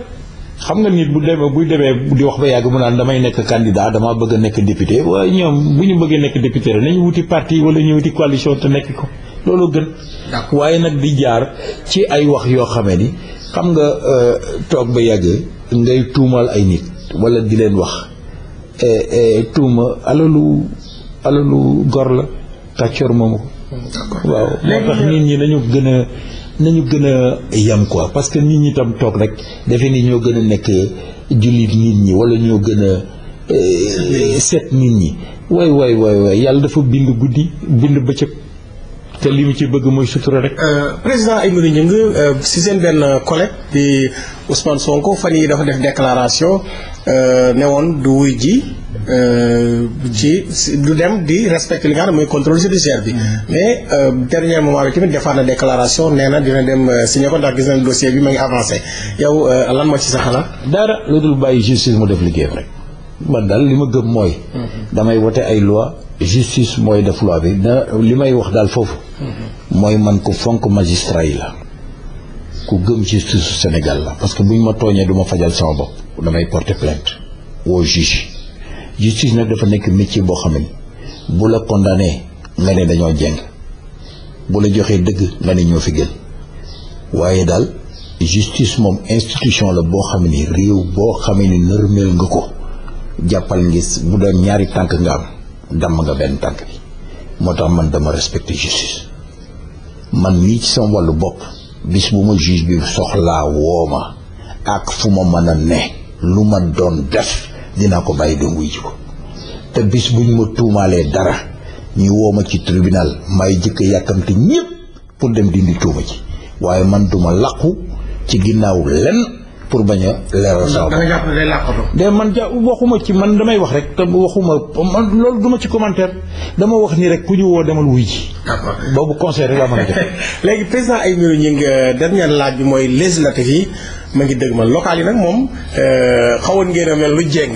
Speaker 2: xam nga nit bu demee buy demee di wax ba yàgg mu naan damay nekk candidat dama bëgg a nekk député waaye ñoom bu ñu bëggee nekk député na ñu wuti parti wala ñu wuti coalition te nekk ko loolu gën. waaye nag di jaar ci ay wax yoo xamee ni xam nga euh, toog ba yàgg. ngay tuumaal ay nit wala di leen wax eh, eh, tuuma alalu alalu gor la kàccoor moomu ko waaw moo tax nit ñi nañu gën a nañu gën a yem quoi parce que nit ñi tam toog rek defe ni ñoo gën a nekk jullit nit ñi wala ñoo gën a eh, set nit ñi waay waay waay yàlla dafa bind guddi bind bëccëg te lii mu ci bëgg mooy sutura rek.
Speaker 1: Euh, président Aymérou Gningue euh, si seen benn collègue di Ousmane Sonko fa yi dafa def déclaration euh, ne woon du wuy ji ci du dem di respecter li nga xam ne mooy contrôle judiciaire bi. Mm-hmm. mais dernier moment bi tamit defaat na déclaration nee na dina dem signé ko ndax gis nañ dossier bi ma ngi avancé yow lan moo ci sa xalaat. dara bàyyi justice mu def liggéeyam rek. man daal li ma gëm mooy. Mm-hmm. damay wote ay
Speaker 2: loi justice mooy def loi bi li may wax daal foofu. mooy man ku fonk magistrat la ku gëm justice su Sénégal la parce que buñ ma tooñee du ma fajal sama bopp damay porter plainte woo juge justice nag dafa nekk métier boo xam ne bu la condamné nga ne dañoo jeng bu la joxee dëgg nga ne ñoo fi gën waaye daal justice moom institution la boo xam ni réew boo xamee ni nërmeel nga ko jàppal ngis bu doon ñaari tànk nga am damm nga benn tànk bi moo tax man dama respecter justice man yi ci sama wàllu bopp bis bu ma juge bi soxlaa woo ma ak fu ma mën a ne lu ma doon def dinaa ko bàyyi dem wuy ji ko te bis buñ ma tuumaalee dara ñu woo ma ci tribunal may jëkk yàkkamte ñépp pour dem dindi tuuma ji waaye man duma làqu ci ginnaaw lenn pour bañ a leeral sama bopp
Speaker 1: da
Speaker 2: de man ja waxuma ci man damay wax rek te waxuma man loolu duma
Speaker 1: ci commentaire dama wax ni rek ku ñu woo demal wuy ji boobu conseil rek laa mën a def léegi président Aymérou Gningue euh, dernière laaj bi mooy législative yi ma ngi dëgg ma local yi nag moom euh, xawoon ngeen a mel lu jéng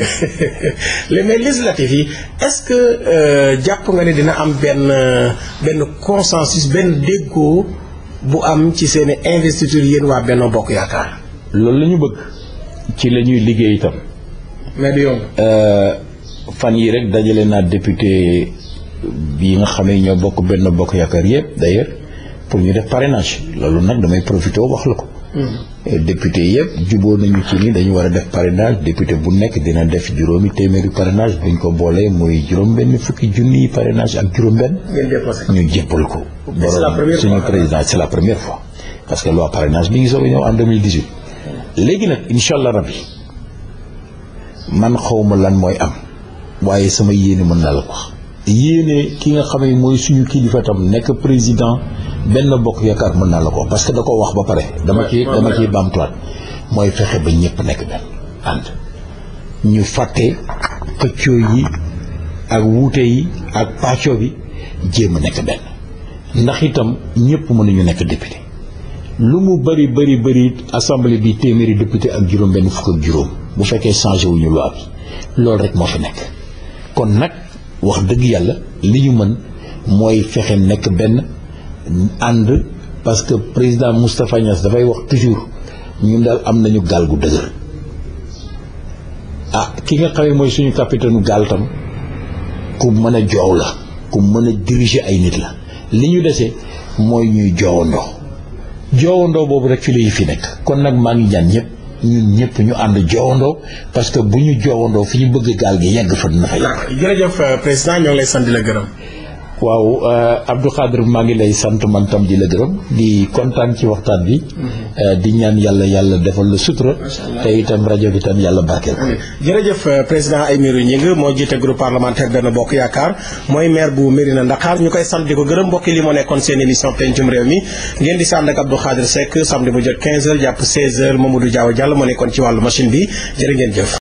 Speaker 1: mais législative yi est-ce que euh, jàpp nga ne dina am benn benn consensus benn déggoo bu am ci seeni investiture yéen waa Benno Bokk Yaakaar
Speaker 2: loolu la ñu bëgg ci la ñuy liggéey itam. mais du euh, fan yi rek dajale naa député yi nga xam ne ñoo bokk benn bokk yaakaar yëpp d'ailleurs pour ñu def parrainage loolu nag damay profité wax la ko. Hmm. Euh, député yëpp juboo nañu ci ni dañu war a def parrainage député bu nekk dina def juróomi téeméeri parrainage buñ ko boolee muy juróom-benn fukki junniy parrainage ak juróom-benn. ñu jéppal ko. suñu président c'est la première fois. parce que loi parrainage bi ngi soog a ñëw léegi nag incha allah rabbi man xawma lan mooy am waaye sama yéene mën naa la ko yéene ki nga xam ne mooy suñu kilifa tam nekk président benn bokk yaakaar mën naa la ko parce que da ko wax ba pare dama ci dama ciy baamtuwaat mooy fexe ba ñëpp nekk benn ànd ñu fàtte xëccoo yi ak wuute yi ak pàccoo bi jéem a nekk benn ndax itam ñëpp mënuñu nekk député lu mu bëri bëri bëri assemblée bi téeméeri député ak juróom benn fukk ak juróom bu fekkee changé wuñu loi bi loolu rek moo fi nekk kon nag wax dëgg yàlla li ñu mën mooy fexe nekk benn ànd parce que président Moustapha Niass dafay wax toujours ñun daal am nañu gaal gu dëgër ah ki nga xamee mooy suñu capitaine gaal tam ku mën a joow la ku mën a diriger ay nit la li ñu desee mooy ñuy ndox joowandoo boobu rek fi la yi fi nekk kon nag maa ngi ñaan ñëpp ñun ñëpp ñu ànd joowandoo parce que bu ñu joowandoo fi ñu bëgg gaal gi yegg fa dina fa yegg.
Speaker 1: jërëjëf euh, président ñoo lay sant di la gërëm.
Speaker 2: waaw eh, Abdou Khadir maa ngi lay sant man tam di la gërëm di kontaan ci waxtaan bi. Mm-hmm. Eh, di ñaan yàlla yàlla defal la sutura. te itam rajo bi yàlla barkeel ko.
Speaker 1: jërëjëf eh, président Aymérou Gningue moo jiite groupe parlementaire Benno Bokk Yaakaar mooy maire bu Mérina Ndakhar ñu koy sant di ko gërëm mbokk li moo nekkoon seen émission pencum réew mi ngeen di sànd ak Abdou Khadir Seck samedi bu jot 15h jàpp 16h Mamadou Diaw Diallo moo nekkoon ci wàllu machine bi
Speaker 3: ngeen jëf.